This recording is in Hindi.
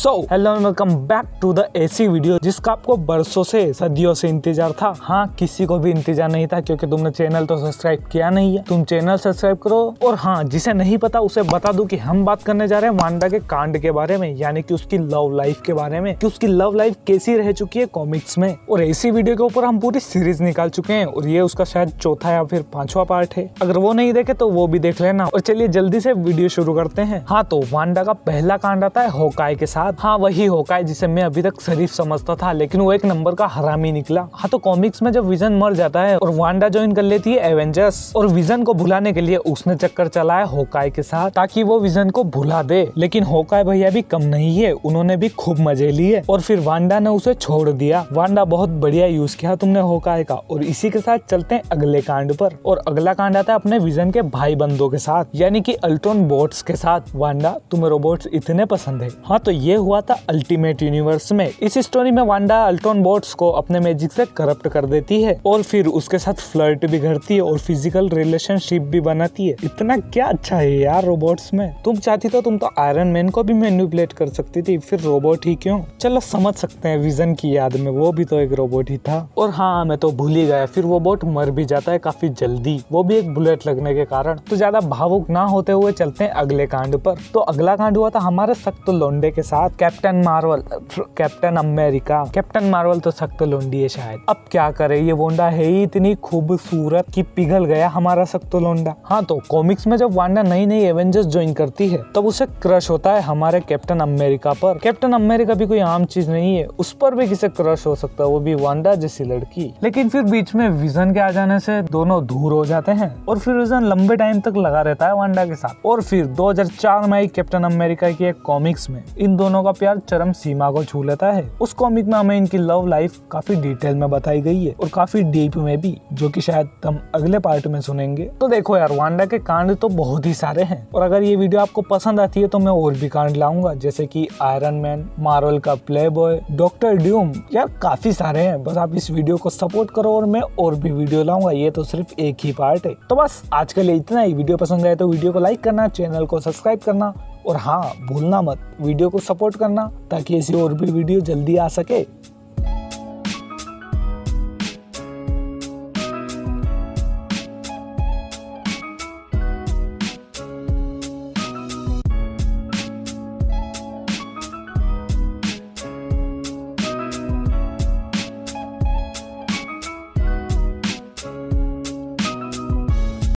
so hello welcome back to the AC video जिसका आपको बरसों से सदियों से इंतजार था हाँ किसी को भी इंतजार नहीं था क्योंकि तुमने चैनल तो सब्सक्राइब किया नहीं है तुम चैनल सब्सक्राइब करो और हाँ जिसे नहीं पता उसे बता दू कि हम बात करने जा रहे हैं वांडा के कांड के बारे में यानी कि उसकी लव लाइफ के बारे में कि उसकी लव लाइफ कैसी रह चुकी है कॉमिक्स में और ऐसी वीडियो के ऊपर हम पूरी सीरीज निकाल चुके हैं और ये उसका शायद चौथा या फिर पांचवा पार्ट है अगर वो नहीं देखे तो वो भी देख लेना और चलिए जल्दी से वीडियो शुरू करते हैं हाँ तो वांडा का पहला कांड आता है होकाय के साथ बाद हाँ, हाँ वही है जिसे मैं अभी तक शरीफ समझता था लेकिन वो एक नंबर का हरामी निकला हाँ तो कॉमिक्स में जब विजन मर जाता है और वांडा ज्वाइन कर लेती है एवेंजर्स और विजन को भुलाने के लिए उसने चक्कर चलाया होकाय के साथ ताकि वो विजन को भुला दे लेकिन होकाय भैया भी कम नहीं है उन्होंने भी खूब मजे लिए और फिर वांडा ने उसे छोड़ दिया वांडा बहुत बढ़िया यूज किया तुमने होकाय का और इसी के साथ चलते हैं अगले कांड पर और अगला कांड आता है अपने विजन के भाई बंदों के साथ यानी कि अल्ट्रॉन बोट्स के साथ वांडा तुम्हें रोबोट्स इतने पसंद है हाँ तो ये हुआ था अल्टीमेट यूनिवर्स में इस स्टोरी में वांडा अल्टोन बोट्स को अपने मैजिक से करप्ट कर देती है और फिर उसके साथ फ्लर्ट भी करती है और फिजिकल रिलेशनशिप भी बनाती है इतना क्या अच्छा है यार रोबोट्स में तुम चाहती तो तुम तो आयरन मैन को भी मैन्युपुलेट कर सकती थी फिर रोबोट ही क्यों चलो समझ सकते हैं विजन की याद में वो भी तो एक रोबोट ही था और हाँ मैं तो भूल ही गया फिर वो बोट मर भी जाता है काफी जल्दी वो भी एक बुलेट लगने के कारण तो ज्यादा भावुक ना होते हुए चलते हैं अगले कांड पर तो अगला कांड हुआ था हमारे सख्त लोंडे के साथ बाद Captain Marvel Captain America Captain Marvel तो सख्त लोंडी है शायद अब क्या करे ये वोंडा है ही इतनी खूबसूरत कि पिघल गया हमारा सख्त लोंडा हाँ तो कॉमिक्स में जब वांडा नई नई एवेंजर्स ज्वाइन करती है तब उसे क्रश होता है हमारे कैप्टन अमेरिका पर कैप्टन अमेरिका भी कोई आम चीज नहीं है उस पर भी किसे क्रश हो सकता है वो भी वांडा जैसी लड़की लेकिन फिर बीच में विजन के आ जाने से दोनों दूर हो जाते हैं और फिर विजन लंबे टाइम तक लगा रहता है वांडा के साथ और फिर 2004 में आई कैप्टन अमेरिका की एक कॉमिक्स में इन दोनों दोनों का प्यार चरम सीमा को छू लेता है उस कॉमिक में हमें इनकी लव लाइफ काफी डिटेल में बताई गई है और काफी डीप में भी जो की शायद हम अगले पार्ट में सुनेंगे तो देखो यार वांडा के कांड तो बहुत ही सारे हैं और अगर ये वीडियो आपको पसंद आती है तो मैं और भी कांड लाऊंगा जैसे की आयरन मैन मार्वल का प्ले बॉय डॉक्टर ड्यूम यार काफी सारे हैं बस आप इस वीडियो को सपोर्ट करो और मैं और भी वीडियो लाऊंगा ये तो सिर्फ एक ही पार्ट है तो बस आज के लिए इतना ही वीडियो पसंद आए तो वीडियो को लाइक करना चैनल को सब्सक्राइब करना और हाँ भूलना मत वीडियो को सपोर्ट करना ताकि ऐसी और भी वीडियो जल्दी आ सके